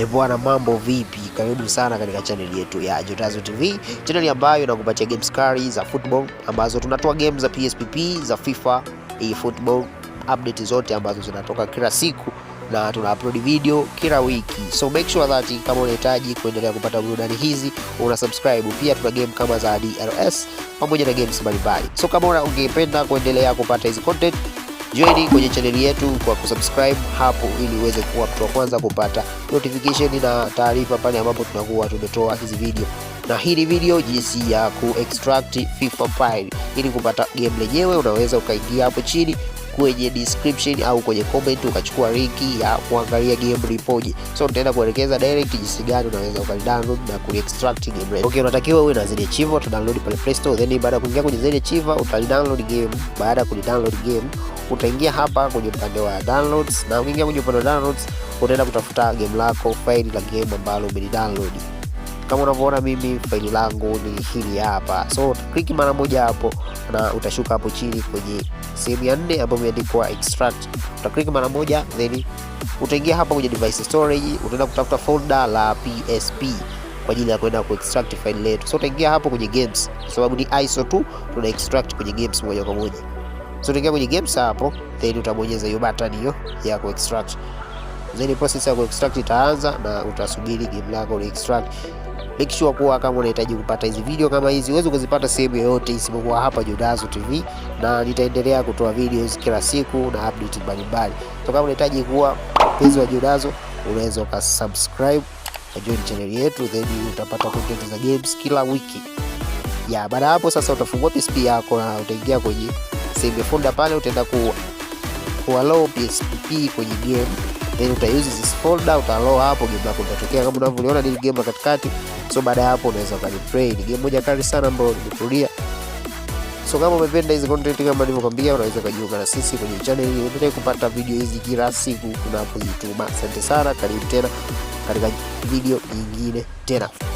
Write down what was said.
E bwana, mambo vipi? Karibu sana katika channel yetu ya Jotazo TV, chaneli ambayo inakupatia games kali za football ambazo tunatoa games za PSPP za FIFA e football update zote ambazo zinatoka kila siku na tuna upload video kila wiki, so make sure that kama unahitaji kuendelea kupata burudani hizi una subscribe. Pia tuna game kama za DLS pamoja na games mbalimbali, so kama ungependa kuendelea kupata hizi content Join kwenye chaneli yetu kwa kusubscribe hapo, ili uweze kuwa mtu wa kwanza kupata notification na taarifa pale ambapo tunakuwa tumetoa hizi video, na hii ni video jinsi ya ku extract FIFA file. Ili kupata game lenyewe, unaweza ukaingia hapo chini kwenye description au kwenye comment ukachukua link ya kuangalia game lipoje. So tutaenda kuelekeza direct jinsi gani unaweza download na ku extract game repo. Okay, unatakiwa uwe na zile ZLarchiver, download pale Play Store, then baada ya kuingia kwenye zile ZLarchiver download game. Baada ya download game utaingia hapa kwenye upande wa downloads, na ukiingia kwenye upande wa downloads utaenda kutafuta game lako, faili la game ambalo umelidownload. Kama unavyoona mimi faili langu ni hili hapa, so click mara moja hapo na utashuka hapo chini kwenye sehemu ya nne ambayo imeandikwa extract. Uta click mara moja then utaingia hapa kwenye device storage, utaenda kutafuta folder la PSP kwa ajili ya kwenda ku extract file letu. So utaingia hapo kwenye games, kwa sababu ni ISO tu tuna extract kwenye games moja kwa moja. So tuingia kwenye games hapo, then utabonyeza hiyo button hiyo ya ku extract. Then process ya ku extract itaanza na utasubiri game lako ni extract. Make sure kuwa kama unahitaji kupata hizi video kama hizi uweze kuzipata sehemu yoyote isipokuwa hapa Judaso TV, na nitaendelea kutoa videos kila siku na update mbalimbali. So kama unahitaji kuwa mpenzi wa Judaso, unaweza ukasubscribe na join channel yetu, then utapata content za games kila wiki ya. Baada hapo sasa, utafungua PSP yako na utaingia kwenye sehemu ya folder pale utaenda ku, ku allow PSP kwenye game, then uta use this folder uta allow hapo, game yako itatokea kama unavyoona ni game katikati. So baada ya hapo unaweza ukajiplay. Ni game moja kali sana ambayo nimetulia. So kama umependa hizi content kama nilivyokuambia, unaweza kujiunga na sisi kwenye channel hii ili kupata video hizi kila siku kuna hapo YouTube. Asante sana, karibu tena katika video nyingine tena.